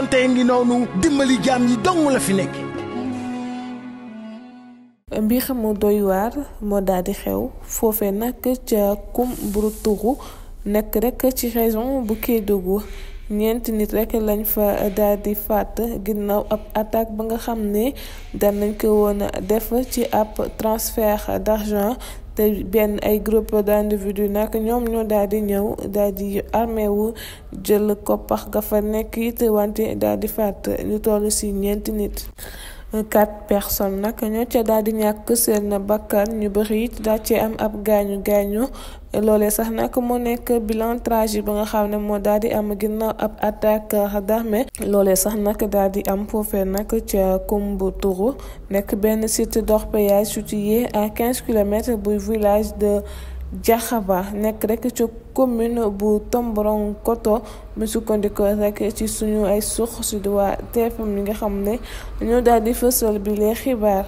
konte ngi noonu dimbali jaam yi dong doy waar moo daldi xew foofe nag ca Kumburutuxu nekk rekk ci région bu Kédougou ñeenti nit rekk lañ fa daal di faat ginnaaw ab attaque ba nga xam ne daan nañ ko woon def ci ab transfert d'argent benn ay groupe d'individu nag ñoom ñoo daal di ñëw daal di armé wu jël koppax ga fa nekk it wante daal di faat ñu toll ci ñeenti nit. quatre personnes nag ñoo ca daal di ñàkk seen bakkan ñu bëri it daal ci am ab gaañu gaañu loole sax nag moo nekk bilan tragique ba nga xam ne moo dal di am ginnaaw ab attaque d'armée loole sax nag daal di am foofee nag ca Kumbuturu nekk benn site d'orpaillage situé à quinze kilomètres bu village de Diakhaba nekk rek ca commune bu coto mu sukkandikoo rek ci suñu ay sources si waa TFM li nga xam ne ñoo daal di fësal bi les xibaar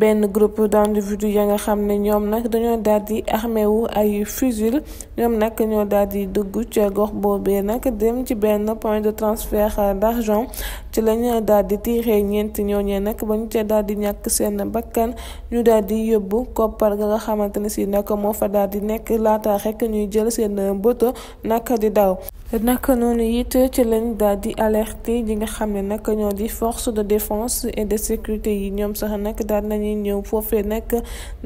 benn groupe d'individu ya nga xam ne ñoom nag dañoo daal di armé ay fusil ñoom nag ñoo daal di dugg ca gox boobee nag dem ci benn point de transfert d'argent ci la ñu daal di tiire ñeenti ñooñee nag ba ñu ca daal di ñàkk seen bakkan ñu daal di yóbbu koppar ga nga xamante ne si nag moo fa daal di nekk laata rek ñuy jël seen boto nag di daw. naka noonu it ci lañ daal di alerté yi nga xam ne nag ñoo di force de défense et de sécurité yi ñoom sax nag daal nañuy ñëw foofe nag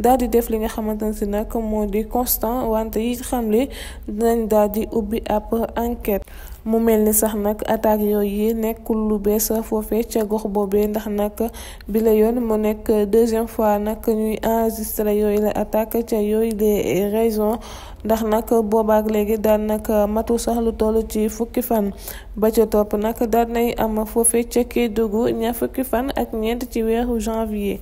daal di def li nga xamante ne si nag moo di constant wante yi xamle dinañ daal di ubbi ab enquête. mu mel ni sax nag attaque yooyu nekkul lu bees foofe ca gox boobee ndax nag bi la yoon mu nekk deuxième fois nag ñuy enregistré yooyu la attaque ca yooyu les raisons. ndax nag boobaak léegi daal nag matu sax lu toll ci fukki fan ba ca topp nag daal nay am foofe ca Kédougou ña fukki fan ak ñeent ci weeru janvier